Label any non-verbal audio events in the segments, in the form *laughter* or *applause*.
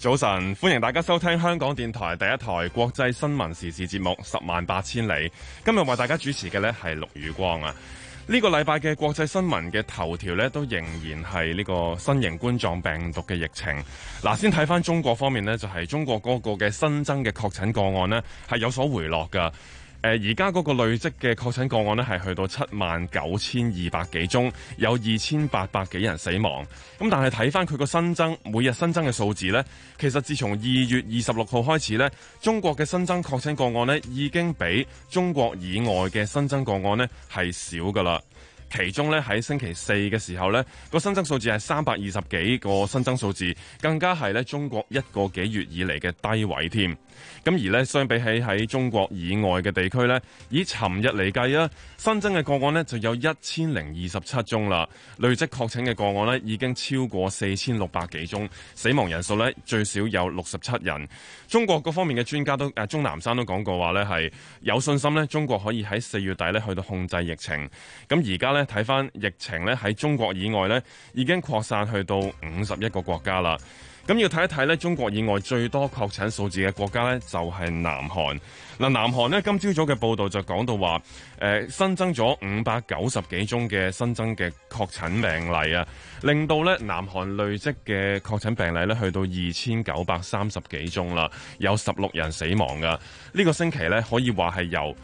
早晨，歡迎大家收聽香港電台第一台國際新聞時事節目《十萬八千里》。今日為大家主持嘅呢係陸宇光啊。呢個禮拜嘅國際新聞嘅頭條呢，都仍然係呢個新型冠狀病毒嘅疫情。嗱，先睇返中國方面呢，就係中國嗰個嘅新增嘅確診個案呢，係有所回落噶。誒而家嗰個累積嘅確診個案呢，係去到七萬九千二百幾宗，有二千八百幾人死亡。咁但係睇返佢個新增，每日新增嘅數字呢，其實自從二月二十六號開始呢，中國嘅新增確診個案呢，已經比中國以外嘅新增個案呢係少㗎喇。其中咧喺星期四嘅時候咧，個新增數字係三百二十幾個新增數字，更加係咧中國一個幾月以嚟嘅低位添。咁而咧相比起喺中國以外嘅地區咧，以尋日嚟計啊，新增嘅個案咧就有一千零二十七宗啦，累積確診嘅個案咧已經超過四千六百幾宗，死亡人數咧最少有六十七人。中國各方面嘅專家都誒鍾南山都講過話咧係有信心咧，中國可以喺四月底咧去到控制疫情。咁而家咧。睇翻疫情咧喺中國以外咧，已經擴散去到五十一個國家啦。咁要睇一睇咧，中國以外最多確診數字嘅國家咧就係南韓。嗱，南韓咧今朝早嘅報道就講到話，誒新增咗五百九十幾宗嘅新增嘅確診病例啊，令到咧南韓累積嘅確診病例咧去到二千九百三十幾宗啦，有十六人死亡噶。呢個星期咧可以話係由誒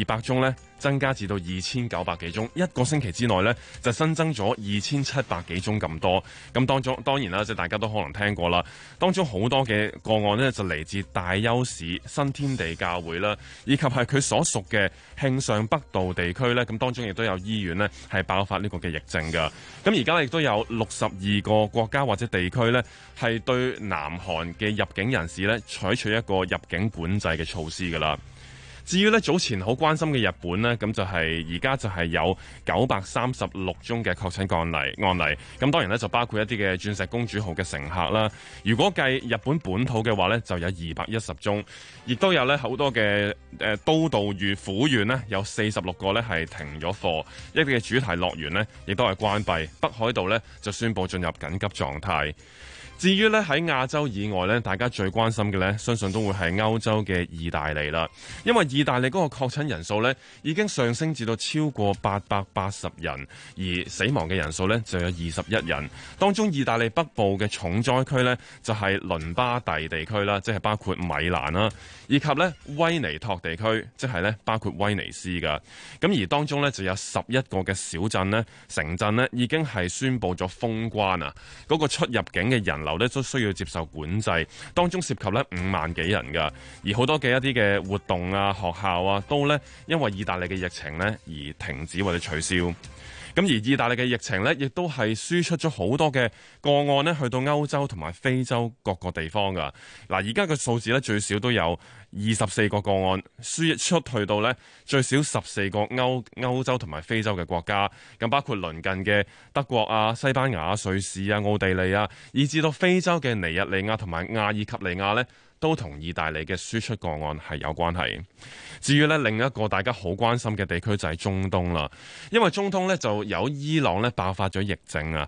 二百宗咧，增加至到二千九百幾宗，一個星期之內呢，就新增咗二千七百幾宗咁多。咁當中當然啦，即大家都可能聽過啦。當中好多嘅個案呢，就嚟自大邱市新天地教會啦，以及係佢所屬嘅慶尚北道地區呢。咁當中亦都有醫院呢，係爆發呢個嘅疫症㗎。咁而家亦都有六十二個國家或者地區呢，係對南韓嘅入境人士呢，採取一個入境管制嘅措施㗎啦。至於咧早前好關心嘅日本咧，咁就係而家就係有九百三十六宗嘅確診案例案例，咁當然咧就包括一啲嘅鑽石公主號嘅乘客啦。如果計日本本土嘅話呢就有二百一十宗，亦都有咧好多嘅誒都道與府縣呢有四十六個呢係停咗課，一啲嘅主題樂園呢，亦都係關閉，北海道呢就宣布進入緊急狀態。至於咧喺亞洲以外咧，大家最關心嘅咧，相信都會係歐洲嘅意大利啦，因為意大利嗰個確診人數咧已經上升至到超過八百八十人，而死亡嘅人數咧就有二十一人。當中意大利北部嘅重災區咧就係倫巴第地區啦，即係包括米蘭啦，以及咧威尼托地區，即係咧包括威尼斯㗎。咁而當中咧就有十一個嘅小鎮咧、城鎮咧已經係宣布咗封關啊，嗰個出入境嘅人流。咧都需要接受管制，當中涉及咧五萬幾人噶，而好多嘅一啲嘅活動啊、學校啊，都咧因為意大利嘅疫情咧而停止或者取消。咁而意大利嘅疫情咧，亦都係輸出咗好多嘅個案呢去到歐洲同埋非洲各個地方噶。嗱，而家嘅數字咧最少都有。二十四個個案輸出去到呢，最少十四個歐歐洲同埋非洲嘅國家，咁包括鄰近嘅德國啊、西班牙、瑞士啊、奧地利啊，以至到非洲嘅尼日利亞同埋亞爾及利亞呢。都同意大利嘅輸出個案係有關係。至於呢另一個大家好關心嘅地區就係中東啦，因為中東呢就有伊朗呢爆發咗疫症啊！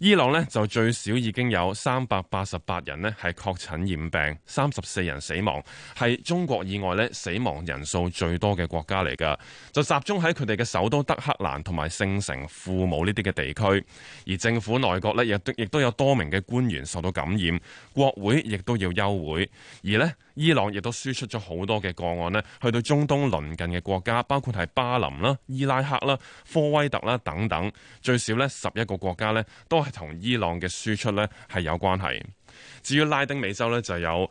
伊朗呢就最少已經有三百八十八人呢係確診染病，三十四人死亡，係中國以外呢死亡人數最多嘅國家嚟噶，就集中喺佢哋嘅首都德黑蘭同埋聖城庫姆呢啲嘅地區。而政府內閣呢亦都亦都有多名嘅官員受到感染，國會亦都要休會。而呢，伊朗亦都輸出咗好多嘅個案呢，去到中東鄰近嘅國家，包括係巴林啦、伊拉克啦、科威特啦等等，最少呢十一個國家呢，都係同伊朗嘅輸出呢係有關係。至於拉丁美洲呢，就有，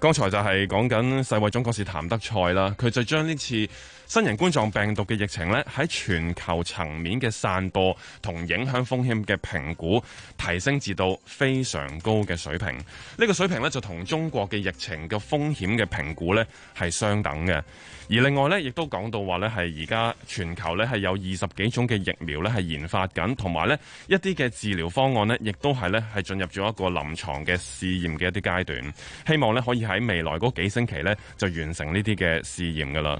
剛才就係講緊世衛總幹事譚德塞啦，佢就將呢次新型冠狀病毒嘅疫情呢，喺全球層面嘅散播同影響風險嘅評估提升至到非常高嘅水平。呢個水平呢，就同中國嘅疫情嘅風險嘅評估呢係相等嘅。而另外呢，亦都講到話呢，係而家全球呢係有二十幾種嘅疫苗呢係研發緊，同埋呢一啲嘅治療方案呢，亦都係呢係進入咗一個臨床嘅試驗嘅一啲階段。希望呢，可以喺未來嗰幾星期呢，就完成呢啲嘅試驗㗎喇。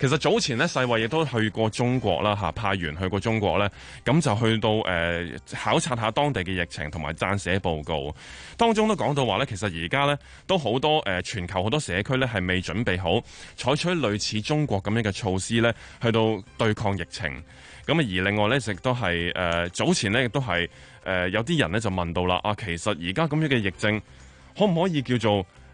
其實，早前咧，世衛亦都去過中國啦，吓派員去過中國呢。咁就去到誒、呃、考察下當地嘅疫情同埋撰寫報告，當中都講到話呢，其實而家呢都好多誒、呃、全球好多社區呢係未準備好採取類似中國咁樣嘅措施呢去到對抗疫情。咁啊，而另外呢，亦都係誒、呃、早前呢，亦都係誒、呃、有啲人呢就問到啦，啊其實而家咁樣嘅疫症可唔可以叫做？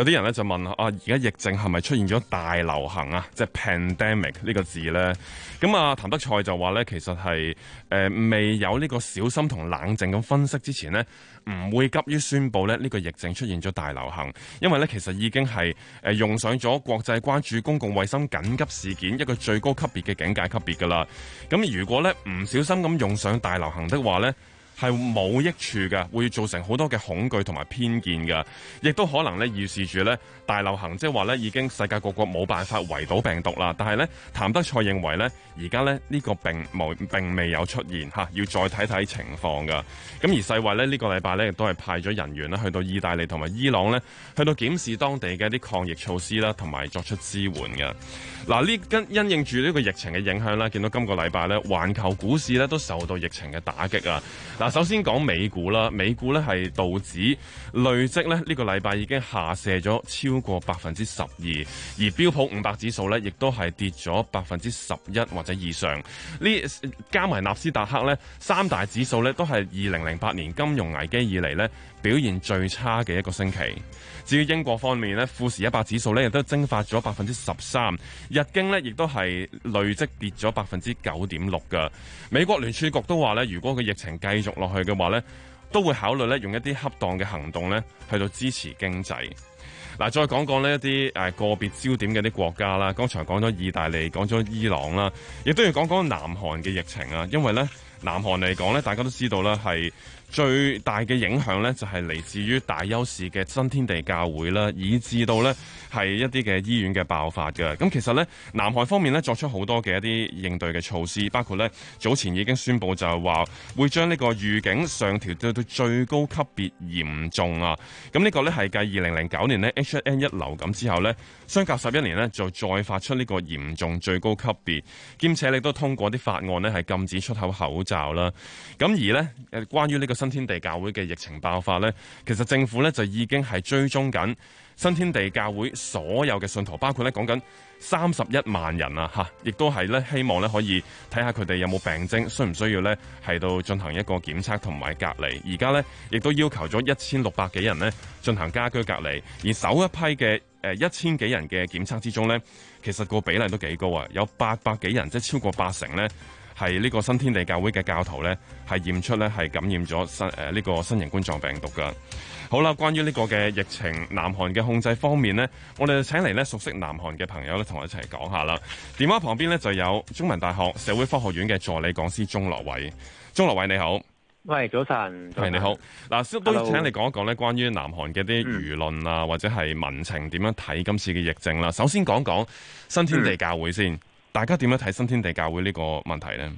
有啲人咧就問啊，而家疫症係咪出現咗大流行啊？即係 pandemic 呢個字呢。咁啊，譚德塞就話呢，其實係、呃、未有呢個小心同冷靜咁分析之前呢，唔會急於宣佈咧呢個疫症出現咗大流行，因為呢，其實已經係、呃、用上咗國際關注公共衛生緊急事件一個最高級別嘅警戒級別㗎啦。咁如果呢，唔小心咁用上大流行的話呢。係冇益處嘅，會造成好多嘅恐懼同埋偏見嘅，亦都可能咧預示住咧大流行，即係話咧已經世界各國冇辦法圍堵病毒啦。但係咧，譚德塞認為咧，而家咧呢個並冇並未有出現吓，要再睇睇情況嘅。咁、啊、而世衞咧呢個禮拜咧亦都係派咗人員啦去到意大利同埋伊朗咧，去到檢視當地嘅一啲抗疫措施啦，同埋作出支援嘅。嗱、啊，呢跟因應住呢個疫情嘅影響啦，見到今個禮拜咧，環球股市咧都受到疫情嘅打擊啊。嗱。首先講美股啦，美股咧係道指累積咧呢個禮拜已經下瀉咗超過百分之十二，而標普五百指數咧亦都係跌咗百分之十一或者以上。呢加埋納斯達克咧，三大指數咧都係二零零八年金融危機以嚟咧。表現最差嘅一個星期。至於英國方面呢富時一百指數呢亦都蒸發咗百分之十三，日經呢亦都係累積跌咗百分之九點六㗎。美國聯儲局都話呢如果個疫情繼續落去嘅話呢都會考慮呢用一啲恰當嘅行動呢去到支持經濟。嗱，再講講呢一啲誒個別焦點嘅啲國家啦。剛才講咗意大利，講咗伊朗啦，亦都要講講南韓嘅疫情啊。因為呢，南韓嚟講呢大家都知道啦係。最大嘅影響呢，就係嚟自於大邱市嘅新天地教會啦，以致到呢係一啲嘅醫院嘅爆發嘅。咁其實呢，南韓方面呢作出好多嘅一啲應對嘅措施，包括呢早前已經宣布就係話會將呢個預警上調到到最高級別嚴重啊。咁呢個呢係繼二零零九年呢 H1N1 流感之後呢。相隔十一年呢，就再發出呢個嚴重最高級別，兼且你都通過啲法案呢，係禁止出口口罩啦。咁而呢，誒關於呢個新天地教會嘅疫情爆發呢，其實政府呢，就已經係追蹤緊新天地教會所有嘅信徒，包括呢講緊三十一萬人啊，嚇，亦都係呢，希望呢可以睇下佢哋有冇病徵，需唔需要呢，係到進行一個檢測同埋隔離。而家呢，亦都要求咗一千六百幾人呢，進行家居隔離，而首一批嘅。呃、一千幾人嘅檢測之中呢，其實個比例都幾高啊！有八百幾人，即係超過八成呢，係呢個新天地教會嘅教徒呢，係驗出呢係感染咗新誒呢、呃這個新型冠狀病毒噶。好啦，關於呢個嘅疫情，南韓嘅控制方面呢，我哋就請嚟呢熟悉南韓嘅朋友呢，同我一齊講下啦。電話旁邊呢，就有中文大學社會科學院嘅助理講師鍾樂偉，鍾樂偉你好。喂，早晨，係、hey, 你好。嗱，都請你講一講咧，關於南韓嘅啲輿論啊，嗯、或者係民情點樣睇今次嘅疫症啦。首先講講新天地教會先，嗯、大家點樣睇新天地教會呢個問題呢？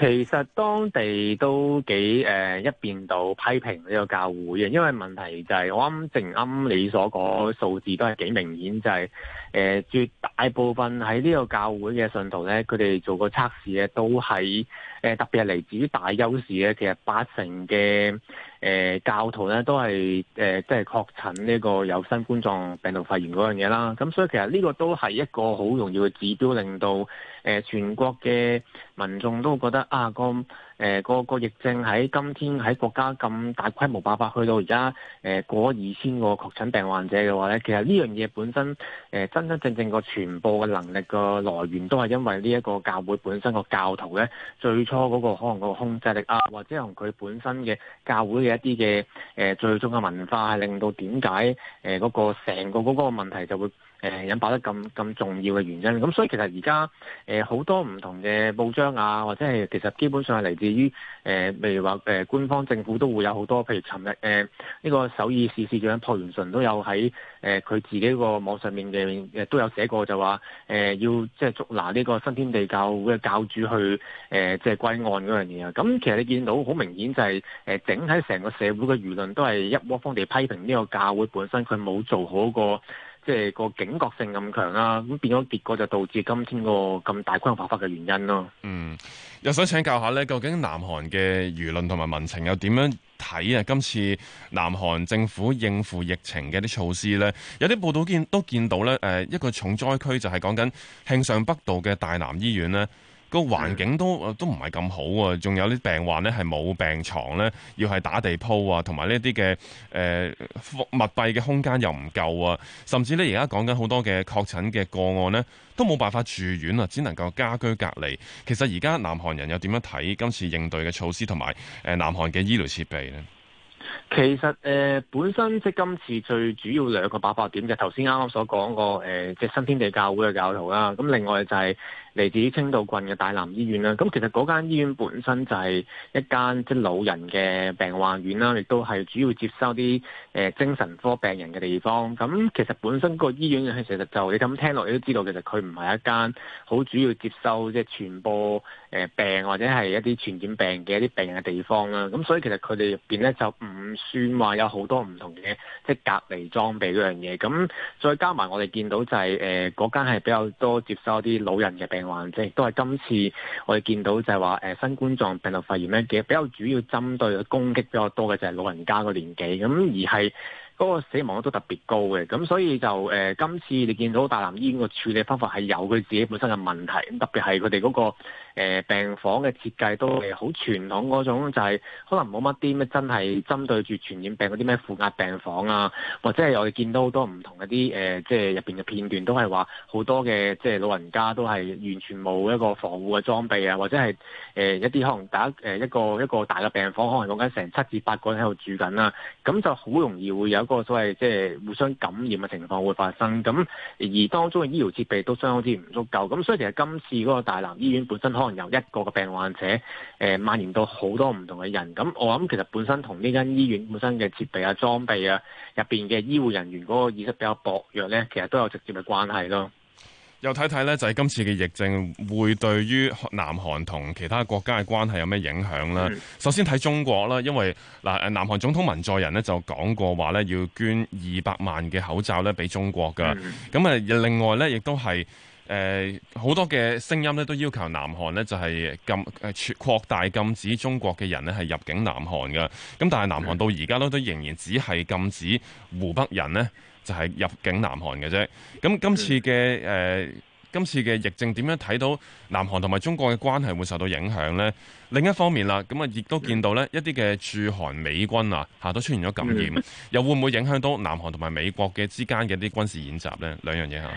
其實當地都幾誒、呃、一邊度批評呢個教會嘅，因為問題就係、是、我啱正啱你所講數字都係幾明顯，就係、是、誒、呃、絕大部分喺呢個教會嘅信徒咧，佢哋做過測試嘅都係誒、呃、特別係嚟自於大邱市咧，其實八成嘅。誒、呃，教徒咧都係誒，即、呃、係確診呢個有新冠狀病毒肺炎嗰樣嘢啦，咁所以其實呢個都係一個好重要嘅指標，令到誒全國嘅民眾都覺得啊咁。誒、呃、那個疫症喺今天喺國家咁大規模爆發，去到而家誒過二千個確診病患者嘅話咧，其實呢樣嘢本身誒、呃、真真正正個全部嘅能力個來源，都係因為呢一個教會本身個教徒咧，最初嗰個可能個控制力啊，或者同佢本身嘅教會嘅一啲嘅誒最終嘅文化，係令到點解誒嗰個成個嗰個問題就會誒引爆得咁咁重要嘅原因，咁所以其實而家誒好多唔同嘅報章啊，或者係其實基本上係嚟自於誒，譬、呃、如話誒、呃、官方政府都會有好多，譬如尋日呢個首爾市市長朴元淳都有喺誒佢自己個網上面嘅都有寫過就，就話誒要即係捉拿呢個新天地教會嘅教主去誒即係歸案嗰樣嘢啊！咁其實你見到好明顯就係、是呃、整體成個社會嘅輿論都係一窩蜂咁批評呢個教會本身佢冇做好個。即係個警覺性咁強啦，咁變咗結果就導致今天個咁大規模爆發嘅原因咯。嗯，又想請教下呢，究竟南韓嘅輿論同埋民情又點樣睇啊？今次南韓政府應付疫情嘅啲措施呢，有啲報道見都見到呢，誒一個重災區就係講緊慶尚北道嘅大南醫院呢。個環境都都唔係咁好啊。仲有啲病患咧係冇病床咧，要係打地鋪啊，同埋呢一啲嘅誒密閉嘅空間又唔夠啊，甚至咧而家講緊好多嘅確診嘅個案呢，都冇辦法住院啊，只能夠家居隔離。其實而家南韓人又點樣睇今次應對嘅措施同埋誒南韓嘅醫療設備呢？其實誒、呃、本身即今次最主要兩個爆發點嘅，頭先啱啱所講個誒即新天地教會嘅教徒啦，咁另外就係、是。嚟自清道郡嘅大南醫院啦，咁其實嗰間醫院本身就係一間即係老人嘅病患院啦，亦都係主要接收啲、呃、精神科病人嘅地方。咁其實本身個醫院嘅其實就你咁聽落，你都知道其實佢唔係一間好主要接收即係傳播誒病或者係一啲傳染病嘅一啲病人嘅地方啦。咁所以其實佢哋入面咧就唔。算話有好多唔同嘅，即係隔離裝備嗰樣嘢。咁再加埋我哋見到就係誒嗰間係比較多接收啲老人嘅病患，即係都係今次我哋見到就係話誒新冠狀病毒肺炎咧，嘅比較主要針對嘅攻擊比較多嘅就係老人家個年紀，咁而係嗰個死亡率都特別高嘅。咁所以就誒今次你見到大南醫院個處理方法係有佢自己本身嘅問題，特別係佢哋嗰個。誒病房嘅設計都係好傳統嗰種，就係可能冇乜啲咩真係針對住傳染病嗰啲咩負壓病房啊，或者係我哋見到好多唔同嗰啲誒，即係入面嘅片段都係話好多嘅即係老人家都係完全冇一個防護嘅裝備啊，或者係誒一啲可能打誒一個一個大嘅病房，可能講緊成七至八個人喺度住緊啦，咁就好容易會有一個所謂即係互相感染嘅情況會發生。咁而當中嘅醫療設備都相當之唔足夠，咁所以其實今次嗰個大南醫院本身可可能由一個嘅病患者，誒、呃、蔓延到好多唔同嘅人，咁我諗其實本身同呢間醫院本身嘅設備啊、裝備啊、入邊嘅醫護人員嗰個意識比較薄弱呢，其實都有直接嘅關係咯。又睇睇呢，就係、是、今次嘅疫症會對於南韓同其他國家嘅關係有咩影響咧？Mm hmm. 首先睇中國啦，因為嗱，南韓總統文在人文在寅呢就講過話呢，要捐二百萬嘅口罩呢俾中國噶。咁啊、mm，hmm. 另外呢，亦都係。誒好、呃、多嘅聲音咧，都要求南韓呢就係、是、禁誒擴、呃、大禁止中國嘅人呢係入境南韓㗎。咁但係南韓到而家都都仍然只係禁止湖北人呢，就係、是、入境南韓嘅啫。咁今次嘅、呃、今次嘅疫症點樣睇到南韓同埋中國嘅關係會受到影響呢？另一方面啦，咁啊亦都見到呢一啲嘅駐韓美軍啊嚇都出現咗感染，又會唔會影響到南韓同埋美國嘅之間嘅啲軍事演習呢？兩樣嘢嚇。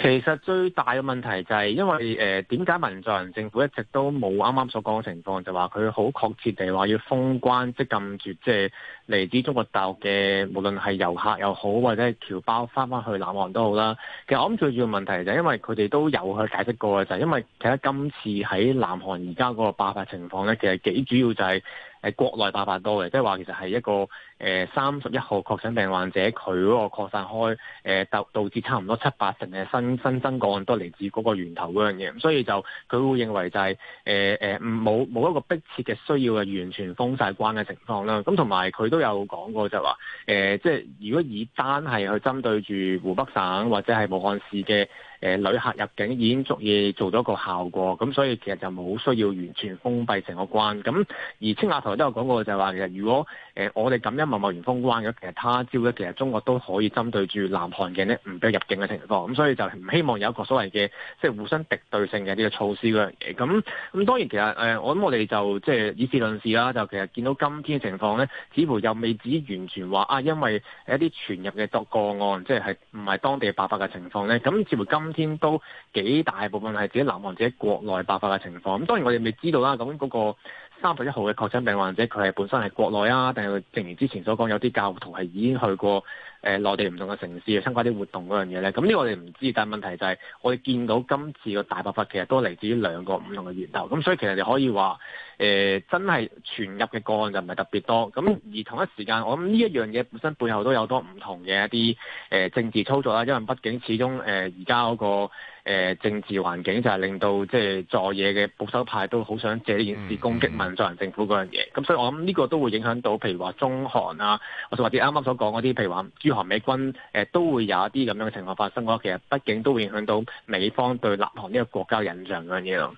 其實最大嘅問題就係，因為誒點解文在寅政府一直都冇啱啱所講嘅情況，就話佢好確切地話要封關即係禁住，即係嚟自中國大陸嘅，無論係遊客又好，或者係僑胞翻翻去南韓都好啦。其實我諗最主要問題就係，因為佢哋都有去解釋過，就係、係、因為其實今次喺南韓而家嗰個爆發情況咧，其實幾主要就係誒國內爆發多嘅，即係話其實係一個。誒三十一號確診病患者佢嗰個擴散開，誒、呃、導導致差唔多七八成嘅新新增個案都嚟自嗰個源頭嗰樣嘢，所以就佢會認為就係誒誒冇冇一個迫切嘅需要係完全封晒關嘅情況啦。咁同埋佢都有講過就話，誒、呃、即係如果以單係去針對住湖北省或者係武漢市嘅誒、呃、旅客入境已經足以做咗個效果，咁所以其實就冇需要完全封閉成個關。咁而青瓦台都有講過就話其實如果誒、呃、我哋咁樣貿貿然封關嘅，其實他朝咧，其實中國都可以針對住南韓嘅呢唔俾入境嘅情況，咁所以就唔希望有一個所謂嘅即係互相敵對性嘅呢個措施嗰樣嘢。咁咁當然其實誒，我諗我哋就即係以事論事啦。就其實見到今天嘅情況咧，似乎又未至於完全話啊，因為一啲傳入嘅個案，即係係唔係當地爆發嘅情況咧？咁似乎今天都幾大部分係自己南韓自己國內爆發嘅情況。咁當然我哋未知道啦。咁嗰個。三十一號嘅確診病患者，佢係本身係國內啊，定係正如之前所講，有啲教徒係已經去過，誒內地唔同嘅城市去參加啲活動嗰樣嘢咧，咁呢個我哋唔知，但係問題就係，是，我哋見到今次個大爆發其實都嚟自於兩個唔同嘅源頭，咁所以其實你可以話誒，呃、真係傳入嘅個案就唔係特別多。咁而同一時間，我諗呢一樣嘢本身背後都有多唔同嘅一啲，呃、政治操作啦，因為畢竟始終誒而家嗰個，呃、政治環境就係令到即係在野嘅保守派都好想借呢件事攻擊民主黨政府嗰樣嘢，咁所以我諗呢個都會影響到，譬如話中韓啊，或者話啲啱啱所講嗰啲，譬如話。與韓美軍誒、呃、都會有一啲咁樣嘅情況發生嘅話，其實畢竟都會影響到美方對南韓呢個國家嘅印象嗰樣嘢咯。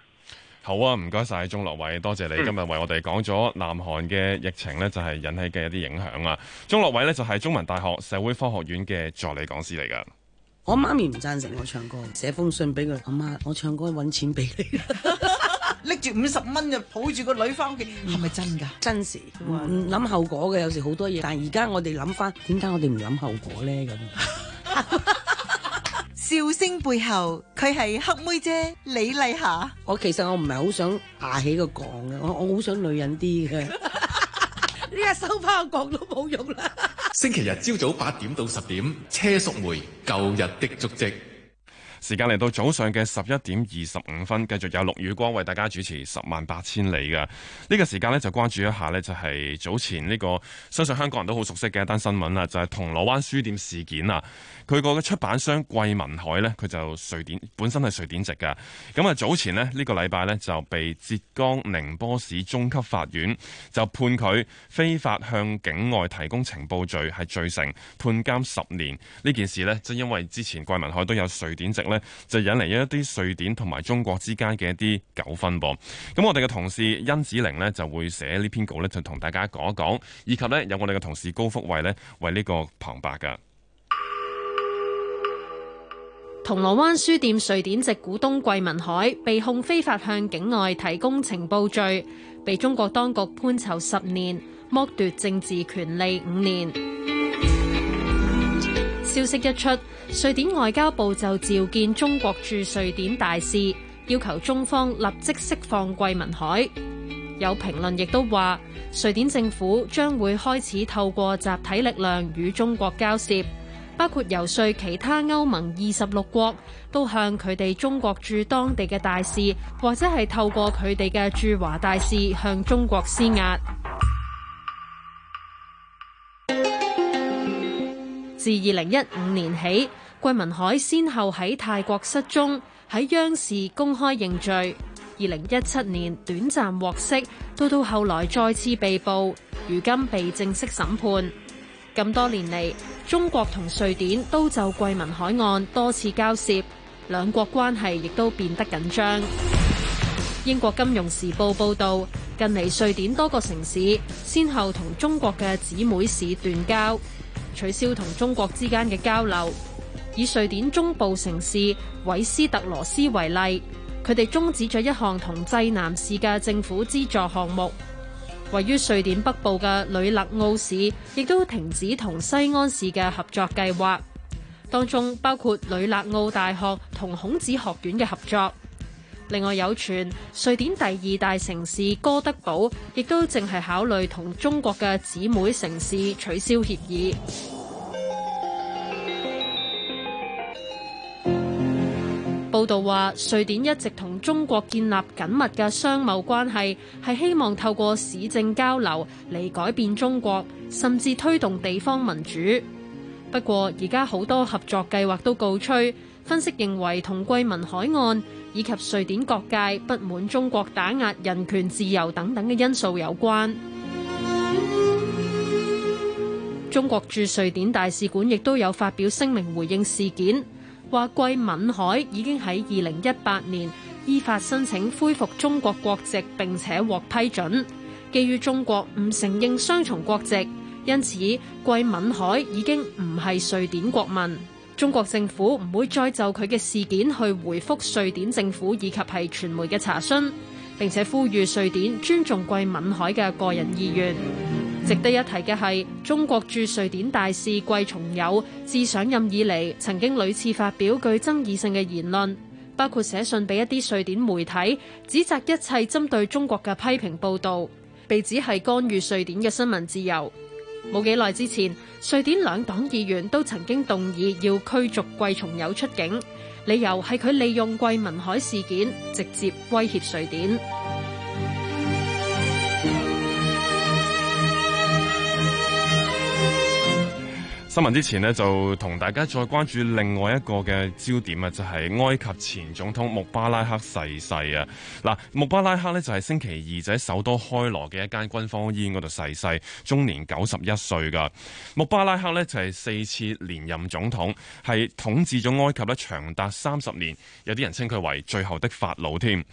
好啊，唔該晒鍾樂偉，多謝你、嗯、今日為我哋講咗南韓嘅疫情咧，就係引起嘅一啲影響啊。鍾樂偉呢，就係、是中，就是、中文大學社會科學院嘅助理講師嚟噶。我媽咪唔贊成我唱歌，寫封信俾佢阿媽，我唱歌搵錢俾你。 *laughs* 拎住五十蚊就抱住個女翻屋企，係咪真噶？真實唔諗、嗯、後果嘅，有時好多嘢。但而家我哋諗翻，點解我哋唔諗後果咧？咁， *laughs* *laughs* 笑聲背後，佢係黑妹姐李麗霞。我其實我唔係好想牙起個角嘅，我我好想女人啲嘅。呢日收翻個角都冇用啦 *laughs* 星期日朝早八點到十點，車淑梅舊日的足跡。時間嚟到早上嘅十一點二十五分，繼續有陸雨光為大家主持《十萬八千里》嘅、這、呢個時間呢，就關注一下呢，就係、是、早前呢、這個相信香港人都好熟悉嘅一單新聞啦，就係、是、銅鑼灣書店事件啊！佢個嘅出版商桂民海呢，佢就瑞典本身係瑞典籍嘅。咁啊，早前呢，呢、這個禮拜呢，就被浙江寧波市中級法院就判佢非法向境外提供情報罪係罪成，判監十年。呢件事呢，就因為之前桂民海都有瑞典籍。咧就引嚟一啲瑞典同埋中國之間嘅一啲糾紛噃。咁我哋嘅同事甄梓鈴咧就會寫呢篇稿咧，就同大家講一講，以及咧有我哋嘅同事高福慧咧為呢個旁白噶。銅鑼灣書店瑞典籍股東桂民海被控非法向境外提供情報罪，被中國當局判囚十年，剝奪政治權利五年。消息一出，瑞典外交部就召見中國駐瑞典大使，要求中方立即釋放桂民海。有評論亦都話，瑞典政府將會開始透過集體力量與中國交涉，包括游說其他歐盟二十六國都向佢哋中國駐當地嘅大使，或者係透過佢哋嘅駐華大使向中國施壓。自二零一五年起，桂民海先後喺泰國失蹤，喺央視公開認罪。二零一七年短暫獲釋，到到後來再次被捕，如今被正式審判。咁多年嚟，中國同瑞典都就桂民海案多次交涉，兩國關係亦都變得緊張。英國金融時報報道，近嚟瑞典多個城市先後同中國嘅姊妹市斷交。取消同中國之間嘅交流。以瑞典中部城市韋斯特羅斯為例，佢哋終止咗一項同濟南市嘅政府資助項目。位於瑞典北部嘅呂勒奧市亦都停止同西安市嘅合作計劃，當中包括呂勒奧大學同孔子學院嘅合作。另外有傳，瑞典第二大城市哥德堡亦都淨係考慮同中國嘅姊妹城市取消協議。報道話，瑞典一直同中國建立緊密嘅商貿關係，係希望透過市政交流嚟改變中國，甚至推動地方民主。不過，而家好多合作計劃都告吹。分析認為，同桂民海岸。以及瑞典各界不滿中國打壓人權自由等等嘅因素有關。中國駐瑞典大使館亦都有發表聲明回應事件，話桂民海已經喺二零一八年依法申請恢復中國國籍，並且獲批准。基於中國唔承認雙重國籍，因此桂民海已經唔係瑞典國民。中國政府唔會再就佢嘅事件去回覆瑞典政府以及係傳媒嘅查詢，並且呼籲瑞典尊重桂民海嘅個人意願。值得一提嘅係，中國駐瑞典大使桂從友自上任以嚟，曾經屢次發表具爭議性嘅言論，包括寫信俾一啲瑞典媒體，指責一切針對中國嘅批評報道，被指係干預瑞典嘅新聞自由。冇幾耐之前，瑞典兩黨議員都曾經動議要驅逐桂從友出境，理由係佢利用桂民海事件直接威脅瑞典。新聞之前呢就同大家再關注另外一個嘅焦點啊，就係埃及前總統穆巴拉克逝世啊！嗱，穆巴拉克呢，就係星期二就喺首都開羅嘅一間軍方醫院嗰度逝世，終年九十一歲噶。穆巴拉克呢，就係四次連任總統，係統治咗埃及呢長達三十年，有啲人稱佢為最後的法老添。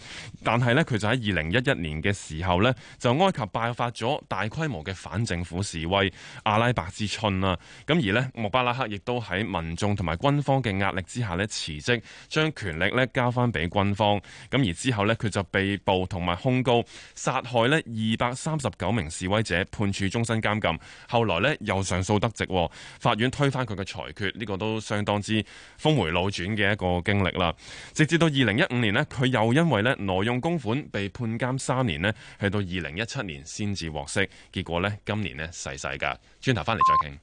但係呢，佢就喺二零一一年嘅時候呢，就埃及爆發咗大規模嘅反政府示威，阿拉伯之春啊！咁而呢，穆巴拉克亦都喺民眾同埋軍方嘅壓力之下呢辭職，將權力呢交翻俾軍方。咁而之後呢，佢就被捕同埋控告殺害呢二百三十九名示威者，判處終身監禁。後來呢，又上訴得直，法院推翻佢嘅裁決，呢、這個都相當之峰回路轉嘅一個經歷啦。直至到二零一五年呢，佢又因為呢挪用公款被判監三年呢，去到二零一七年先至獲釋。結果呢，今年呢，逝世噶，轉頭翻嚟再傾。